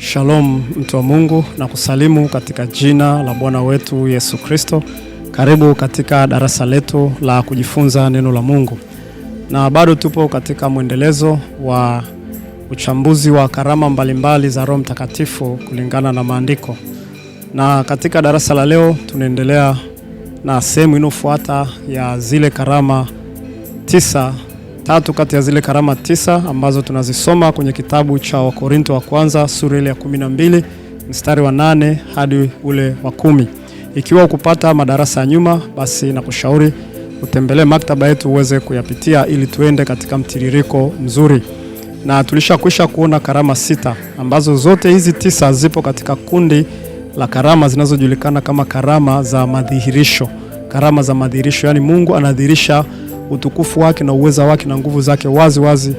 Shalom mtu wa Mungu, na kusalimu katika jina la Bwana wetu Yesu Kristo. Karibu katika darasa letu la kujifunza neno la Mungu, na bado tupo katika mwendelezo wa uchambuzi wa karama mbalimbali za Roho Mtakatifu kulingana na Maandiko, na katika darasa la leo tunaendelea na sehemu inayofuata ya zile karama tisa tatu kati ya zile karama tisa ambazo tunazisoma kwenye kitabu cha Wakorinto wa kwanza sura ile ya 12 mstari wa nane hadi ule wa kumi. Ikiwa ukupata madarasa ya nyuma, basi nakushauri utembelee maktaba yetu uweze kuyapitia ili tuende katika mtiririko mzuri. Na tulishakwisha kuona karama sita ambazo zote hizi tisa zipo katika kundi la karama zinazojulikana kama karama za madhihirisho. Karama za madhihirisho, yani Mungu anadhihirisha utukufu wake na uweza wake na nguvu zake wazi wazi,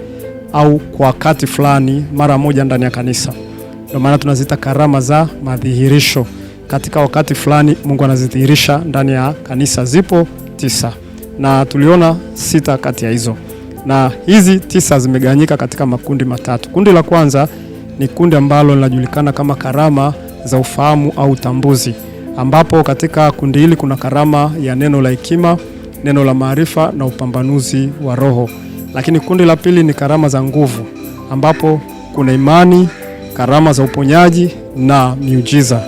au kwa wakati fulani mara moja ndani ya kanisa. Ndio maana tunaziita karama za madhihirisho. Katika wakati fulani Mungu anazidhihirisha ndani ya kanisa. Zipo tisa na tuliona sita kati ya hizo, na hizi tisa zimegawanyika katika makundi matatu. Kundi la kwanza ni kundi ambalo linajulikana kama karama za ufahamu au utambuzi, ambapo katika kundi hili kuna karama ya neno la hekima neno la maarifa na upambanuzi wa roho. Lakini kundi la pili ni karama za nguvu, ambapo kuna imani, karama za uponyaji na miujiza.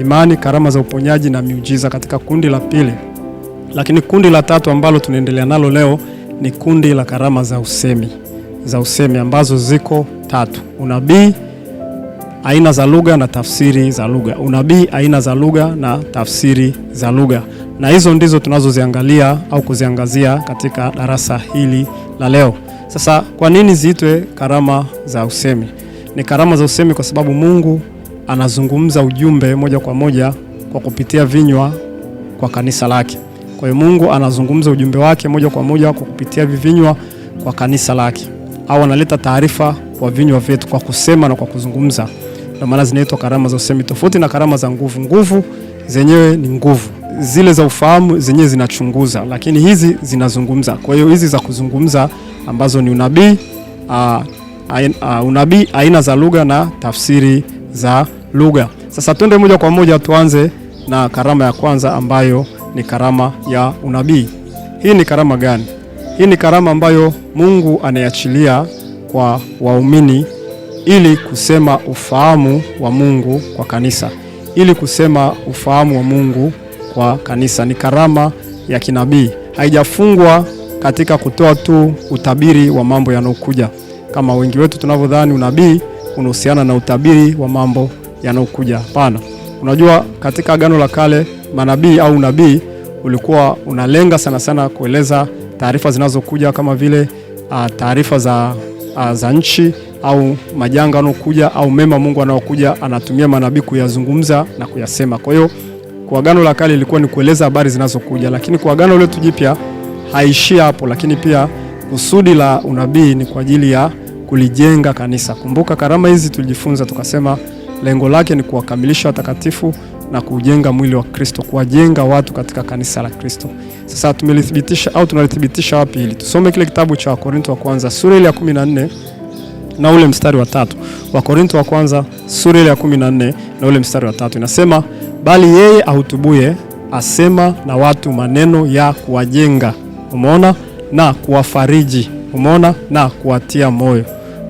Imani, karama za uponyaji na miujiza katika kundi la pili. Lakini kundi la tatu ambalo tunaendelea nalo leo ni kundi la karama za usemi, za usemi ambazo ziko tatu: unabii, aina za lugha na tafsiri za lugha. Unabii, aina za lugha na tafsiri za lugha na hizo ndizo tunazoziangalia au kuziangazia katika darasa hili la leo. Sasa kwa nini ziitwe karama za usemi? Ni karama za usemi kwa sababu Mungu anazungumza ujumbe moja kwa moja kwa kupitia vinywa kwa kanisa lake. Kwa hiyo Mungu anazungumza ujumbe wake moja kwa moja kwa kupitia vinywa kwa kanisa lake, au analeta taarifa kwa vinywa vyetu kwa kusema na kwa kuzungumza. Ndio maana zinaitwa karama za usemi, tofauti na karama za nguvu. Nguvu zenyewe ni nguvu zile za ufahamu zenyewe zinachunguza, lakini hizi zinazungumza. Kwa hiyo hizi za kuzungumza ambazo ni unabii uh, unabii aina za lugha na tafsiri za lugha. Sasa twende moja kwa moja tuanze na karama ya kwanza ambayo ni karama ya unabii. Hii ni karama gani? Hii ni karama ambayo Mungu anayachilia kwa waumini ili kusema ufahamu wa Mungu kwa kanisa, ili kusema ufahamu wa Mungu kwa kanisa, ni karama ya kinabii. Haijafungwa katika kutoa tu utabiri wa mambo yanayokuja, kama wengi wetu tunavyodhani unabii unahusiana na utabiri wa mambo yanayokuja. Hapana, unajua katika Agano la Kale manabii au unabii ulikuwa unalenga sana sana kueleza taarifa zinazokuja kama vile ah, taarifa za, uh, za nchi au majanga yanayokuja au mema Mungu anaokuja anatumia manabii kuyazungumza na kuyasema. Kwa hiyo kwa Agano la Kale ilikuwa ni kueleza habari zinazokuja, lakini kwa Agano letu Jipya haishii hapo, lakini pia kusudi la unabii ni kwa ajili ya kulijenga kanisa. Kumbuka karama hizi tulijifunza, tukasema lengo lake ni kuwakamilisha watakatifu na kujenga mwili wa Kristo, kuwajenga watu katika kanisa la Kristo. Sasa tumelithibitisha au tunalithibitisha wapi hili? Tusome kile kitabu cha Wakorinto wa kwanza sura ile ya 14 na ule mstari wa tatu. Wakorinto wa kwanza sura ile ya 14 na ule mstari wa tatu inasema bali yeye ahutubuye asema na watu maneno ya kuwajenga, umeona, na kuwafariji, umeona, na kuwatia moyo.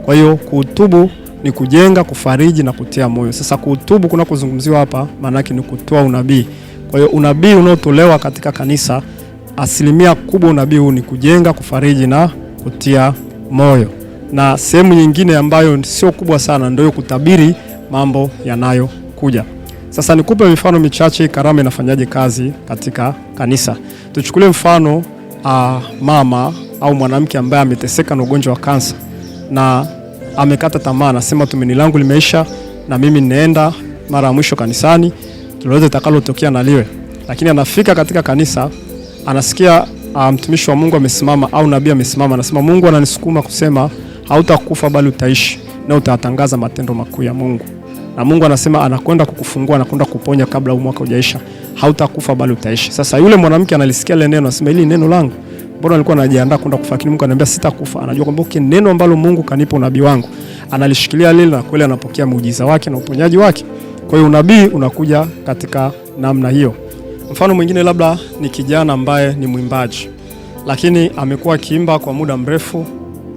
Kwa hiyo kuhutubu ni kujenga, kufariji na kutia moyo. Sasa kuhutubu kuna kuzungumziwa hapa, maana ni kutoa unabii. Kwa hiyo unabii unaotolewa katika kanisa, asilimia kubwa unabii huu ni kujenga, kufariji na kutia moyo, na sehemu nyingine ambayo sio kubwa sana ndio kutabiri mambo yanayokuja. Sasa nikupe mifano michache, karama inafanyaje kazi katika kanisa. Tuchukulie mfano uh, mama au mwanamke ambaye ameteseka na ugonjwa wa kansa na amekata tamaa, anasema tumaini langu limeisha na mimi ninaenda mara ya mwisho kanisani, lolote litakalotokea na liwe. Lakini anafika katika kanisa, anasikia uh, mtumishi wa Mungu amesimama au nabii amesimama, anasema Mungu ananisukuma kusema hautakufa bali utaishi na utatangaza matendo makuu ya Mungu na Mungu anasema anakwenda kukufungua, anakwenda kuponya kabla mwaka hujaisha. Hautakufa bali utaishi. Sasa yule mwanamke analisikia ile neno, anasema hili neno langu, mbona alikuwa anajiandaa kwenda kufa, lakini Mungu ananiambia sitakufa. Anajua kwamba kile neno ambalo Mungu kanipa unabii wangu, analishikilia lile, na kweli anapokea muujiza wake na uponyaji wake. Kwa hiyo unabii unakuja katika namna hiyo. Mfano mwingine labda ni kijana ambaye ni mwimbaji, lakini amekuwa akiimba kwa muda mrefu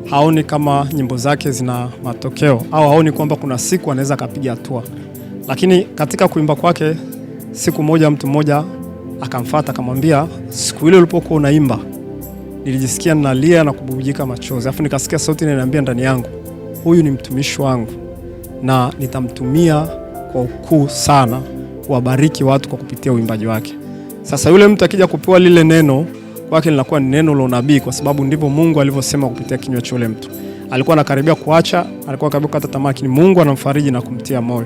haoni kama nyimbo zake zina matokeo au haoni kwamba kuna siku anaweza akapiga hatua, lakini katika kuimba kwake, siku moja mtu mmoja akamfata akamwambia, siku ile ulipokuwa unaimba nilijisikia nalia na kububujika machozi, alafu nikasikia sauti inaniambia ndani yangu, huyu ni mtumishi wangu na nitamtumia kwa ukuu sana kuwabariki watu kwa kupitia uimbaji wake. Sasa yule mtu akija kupewa lile neno kwake linakuwa ni neno la unabii, kwa sababu ndivyo Mungu alivyosema kupitia kinywa cha yule mtu. Alikuwa anakaribia kuacha, alikuwa karibu kata tamaa, lakini Mungu anamfariji na kumtia moyo.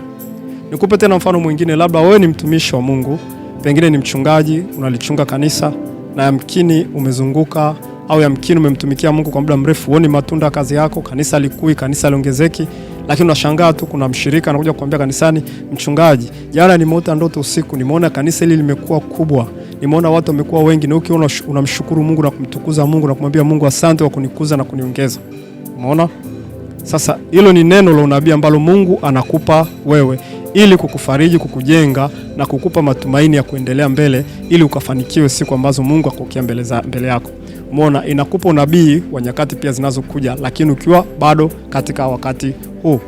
Nikupe tena mfano mwingine, labda wewe ni mtumishi wa Mungu, pengine ni mchungaji, unalichunga kanisa na yamkini umezunguka au yamkini umemtumikia Mungu kwa muda mrefu, uone matunda ya kazi yako, kanisa likui, kanisa liongezeki, lakini unashangaa tu, kuna mshirika anakuja kukuambia kanisani, mchungaji, jana nimeota ndoto usiku, nimeona kanisa hili limekuwa kubwa nimeona watu wamekuwa wengi, na ukiona unamshukuru Mungu na kumtukuza Mungu na kumwambia Mungu asante kwa kunikuza na kuniongeza. Umeona? Sasa hilo ni neno la unabii ambalo Mungu anakupa wewe ili kukufariji, kukujenga na kukupa matumaini ya kuendelea mbele ili ukafanikiwe siku ambazo Mungu akokea mbele, mbele yako. Umeona, inakupa unabii wa nyakati pia zinazokuja, lakini ukiwa bado katika wakati huu.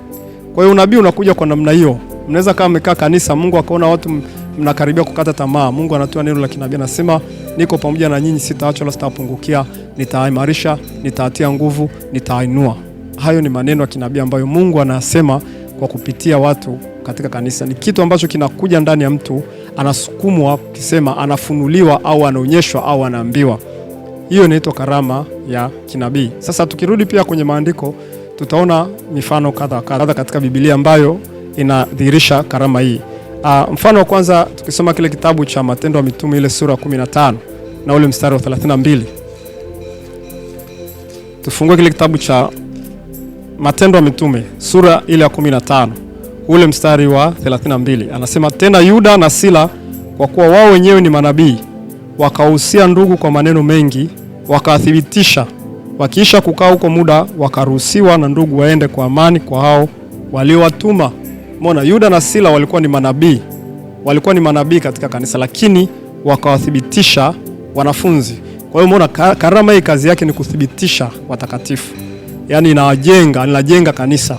Kwa hiyo unabii unakuja kwa namna hiyo. Mnaweza kama mmekaa kanisa, Mungu akaona watu mnakaribia kukata tamaa, Mungu anatoa neno la kinabii, anasema niko pamoja na nyinyi, sitaacha wala sitapungukia, nitaimarisha, nitaatia nguvu, nitainua. Hayo ni maneno ya kinabii ambayo Mungu anasema kwa kupitia watu katika kanisa. Ni kitu ambacho kinakuja ndani ya mtu, anasukumwa kisema, anafunuliwa au anaonyeshwa au anaambiwa. Hiyo inaitwa karama ya kinabii. Sasa tukirudi pia kwenye maandiko, tutaona mifano kadha kadha katika Biblia ambayo inadhihirisha karama hii. Uh, mfano wa kwanza tukisoma kile kitabu cha Matendo ya Mitume ile sura 15 na ule mstari wa 32. Tufungue kile kitabu cha Matendo ya Mitume sura ile ya 15 ule mstari wa 32, anasema tena Yuda na Sila, kwa kuwa wao wenyewe ni manabii, wakahusia ndugu kwa maneno mengi, wakathibitisha. Wakiisha kukaa huko muda, wakaruhusiwa na ndugu waende kwa amani kwa hao waliowatuma. Mona, Yuda na Sila walikuwa ni manabii, walikuwa ni manabii katika kanisa, lakini wakawathibitisha wanafunzi. Kwa hiyo mona, karama hii kazi yake ni kuthibitisha watakatifu, yaani inawajenga, inajenga kanisa.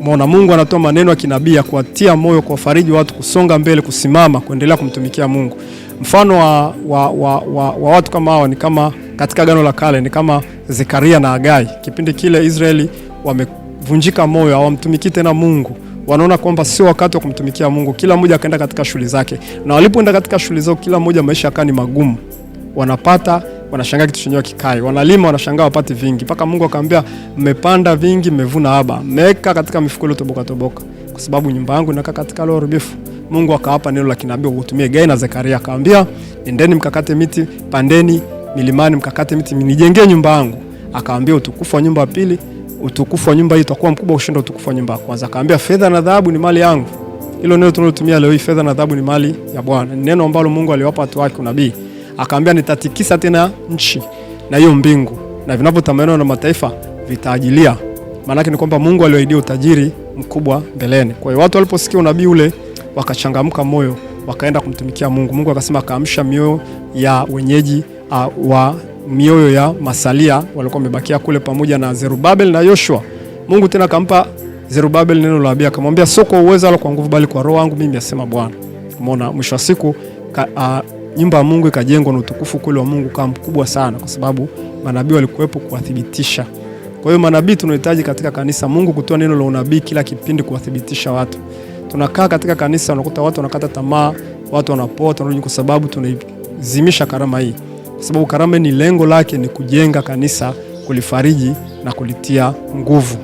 Mona, Mungu anatoa maneno ya kinabii ya kuwatia moyo, kuwafariji watu kusonga mbele, kusimama, kuendelea kumtumikia Mungu. Mfano wa, wa, wa, wa, wa watu kama hawa ni kama katika Agano la Kale ni kama Zekaria na Agai, Kipindi kile Israeli wamevunjika moyo, hawamtumiki tena Mungu wanaona kwamba sio wakati wa kumtumikia Mungu, kila mmoja akaenda katika shughuli zake, na walipoenda katika shughuli zao, kila mmoja maisha yakawa ni magumu, wanapata wanashangaa kitu chenyewe kikai, wanalima wanashangaa wapati vingi, mpaka Mungu akamwambia, mmepanda vingi, mmevuna haba, mmeweka katika mifuko ile toboka toboka, kwa sababu nyumba yangu inakaa katika leo rubifu. Mungu akawapa neno la kinabii kutumia Gai na Zekaria, akamwambia, endeni mkakate miti, pandeni milimani, mkakate miti, nijengee nyumba yangu. Akaambia utukufu wa nyumba ya pili, utukufu wa nyumba hii utakuwa mkubwa kushinda utukufu wa nyumba ya kwanza. Akaambia fedha na dhahabu ni mali yangu. Hilo neno tunalotumia leo hii, fedha na dhahabu ni mali ya Bwana, ni neno ambalo Mungu aliwapa watu wake unabii. Akaambia nitatikisa tena nchi na hiyo mbingu, na vinavyotamaniwa na mataifa vitaajilia. Maana yake ni kwamba Mungu aliwaahidia utajiri mkubwa mbeleni. Kwa hiyo watu waliposikia unabii ule wakachangamka moyo, wakaenda kumtumikia Mungu. Mungu akasema akaamsha mioyo ya wenyeji uh, wa mioyo ya masalia walikuwa wamebakia kule pamoja na Zerubabel na Yoshua. Mungu tena akampa Zerubabel neno la Biblia, akamwambia sio kwa uwezo wala kwa nguvu, bali kwa roho yangu mimi, asema Bwana. Umeona, mwisho wa siku nyumba ya Mungu ikajengwa na utukufu kule wa Mungu kama mkubwa sana, kwa sababu manabii walikuwepo kuwathibitisha. Kwa hiyo manabii tunahitaji katika kanisa, Mungu kutoa neno la unabii kila kipindi kuwathibitisha watu. Tunakaa katika kanisa, unakuta watu wanakata tamaa, watu wanapoa, tunarudi kwa sababu tunaizimisha karama hii kwa sababu Karame ni lengo lake ni kujenga kanisa, kulifariji na kulitia nguvu,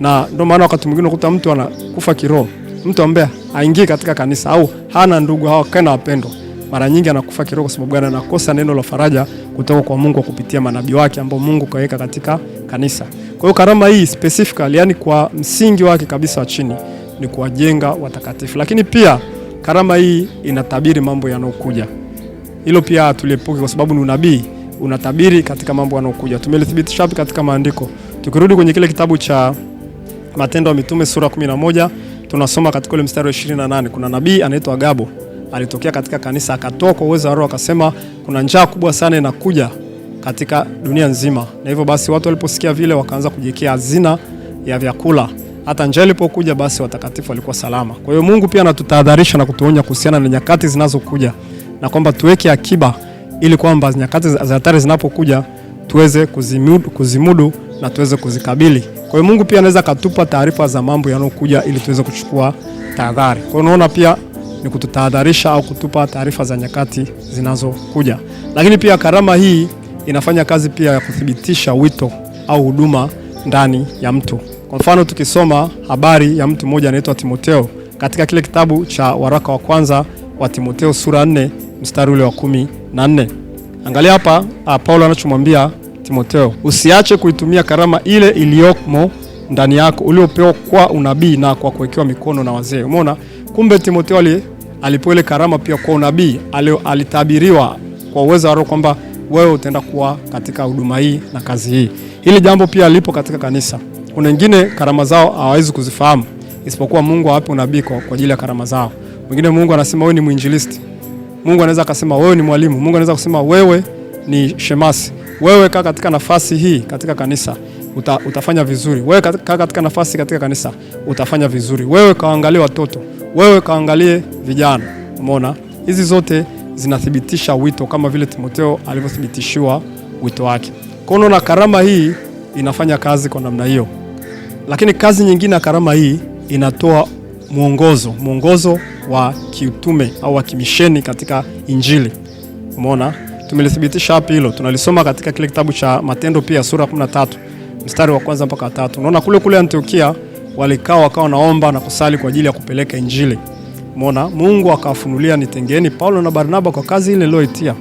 na ndio maana wakati mwingine ukuta mtu anakufa kiroho, mtu ambaye aingii katika kanisa au hana ndugu hawakai kana wapendo, mara nyingi anakufa kiroho. Kwa sababu gani? Anakosa neno la faraja kutoka kwa Mungu kupitia manabii wake ambao Mungu kaweka katika kanisa. Kwa hiyo karama hii specifically, yani kwa msingi wake kabisa wa chini ni kuwajenga watakatifu, lakini pia karama hii inatabiri mambo yanayokuja. Hilo pia tuliepuke, kwa sababu ni unabii, unatabiri katika mambo yanayokuja. Tumelithibitisha wapi? Katika maandiko. Tukirudi kwenye kile kitabu cha Matendo ya Mitume sura 11 tunasoma katika ule mstari wa 28 kuna nabii anaitwa Agabo alitokea katika kanisa akatoa kwa uwezo wa Roho akasema, kuna njaa kubwa sana inakuja katika dunia nzima, na hivyo basi watu waliposikia vile wakaanza kujikia hazina ya vyakula. Hata njaa ilipokuja, basi watakatifu walikuwa salama. Kwa hiyo Mungu pia anatutahadharisha na kutuonya kuhusiana na nyakati zinazokuja na kwamba tuweke akiba ili kwamba nyakati za hatari zinapokuja tuweze kuzimudu, kuzimudu na tuweze kuzikabili. Kwa hiyo Mungu pia anaweza akatupa taarifa za mambo yanayokuja ili tuweze kuchukua tahadhari. Kwa hiyo unaona pia ni kututahadharisha au kutupa taarifa za nyakati zinazokuja, lakini pia karama hii inafanya kazi pia ya kuthibitisha wito au huduma ndani ya mtu. Kwa mfano tukisoma habari ya mtu mmoja anaitwa timoteo katika kile kitabu cha waraka wa kwanza wa timoteo sura 4 mstari ule wa kumi na nne. Angalia hapa ah, Paulo anachomwambia timoteo usiache kuitumia karama ile iliyomo ndani yako uliopewa kwa unabii na kwa kuwekewa mikono na wazee. Umeona, kumbe Timotheo alipewa ile karama pia kwa unabii, alitabiriwa kwa uwezo wa Roho kwamba wewe utaenda kuwa katika huduma hii na kazi hii. Hili jambo pia lipo katika kanisa. Kuna wengine karama zao hawawezi kuzifahamu, isipokuwa Mungu awape unabii kwa ajili ya karama zao. Mwingine Mungu anasema wewe ni mwinjilisti Mungu anaweza akasema wewe ni mwalimu, Mungu anaweza kusema wewe ni shemasi, wewe kaa katika nafasi hii katika kanisa uta, utafanya vizuri, wewe kaa katika nafasi katika kanisa utafanya vizuri, wewe kaangalie watoto, wewe kaangalie vijana. Umeona, hizi zote zinathibitisha wito kama vile Timotheo alivyothibitishiwa wito wake. Kwa hiyo na karama hii inafanya kazi kwa namna hiyo, lakini kazi nyingine ya karama hii inatoa mwongozo, mwongozo wa kiutume au wa kimisheni katika Injili. Umeona, tumelithibitisha hapo hilo, tunalisoma katika kile kitabu cha Matendo pia sura 13 mstari wa kwanza mpaka tatu. Unaona kule kule Antiokia walikaa wakawa naomba na kusali kwa ajili ya kupeleka Injili. Umeona, Mungu akawafunulia, nitengeni Paulo na Barnaba kwa kazi ile iliyoitia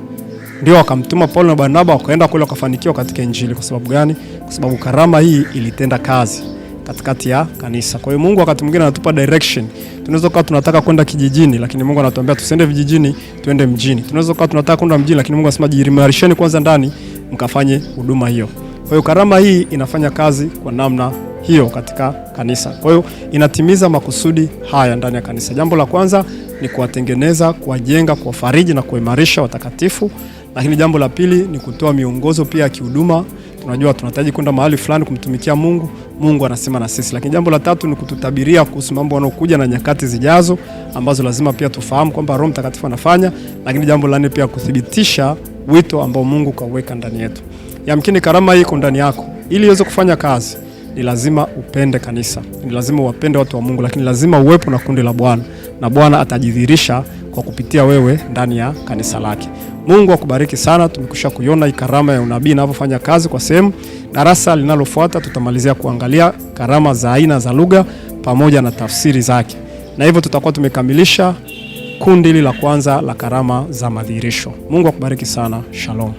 ndio akamtuma Paulo na Barnaba wakaenda kule wakafanikiwa katika Injili. Kwa sababu gani? Kwa sababu karama hii ilitenda kazi katikati ya kanisa. Kwa hiyo Mungu wakati mwingine anatupa direction. Tunaweza kuwa tunataka kwenda kijijini, lakini Mungu anatuambia tusiende vijijini, tuende mjini. Tunaweza kuwa tunataka kwenda mjini, lakini Mungu anasema jiimarisheni kwanza ndani mkafanye huduma hiyo. Kwa hiyo karama hii inafanya kazi kwa namna hiyo katika kanisa. Kwa hiyo inatimiza makusudi haya ndani ya kanisa. Jambo la kwanza ni kuwatengeneza, kuwajenga, kuwafariji na kuimarisha watakatifu, lakini jambo la pili ni kutoa miongozo pia ya kihuduma tunajua tunahitaji kwenda mahali fulani kumtumikia Mungu, Mungu anasema na sisi. Lakini jambo la tatu ni kututabiria kuhusu mambo yanayokuja na nyakati zijazo ambazo lazima pia tufahamu kwamba Roho Mtakatifu anafanya. Lakini jambo la nne pia kuthibitisha wito ambao Mungu kaweka ndani yetu. Yamkini karama hii iko ndani yako, ili iweze kufanya kazi ni lazima upende kanisa, ni lazima uwapende watu wa Mungu, lakini lazima uwepo na kundi la Bwana, na Bwana atajidhihirisha kwa kupitia wewe ndani ya kanisa lake. Mungu akubariki sana. Tumekusha kuiona karama ya unabii inavyofanya kazi kwa sehemu. Darasa linalofuata tutamalizia kuangalia karama za aina za lugha pamoja na tafsiri zake, na hivyo tutakuwa tumekamilisha kundi hili la kwanza la karama za madhihirisho. Mungu akubariki sana. Shalom.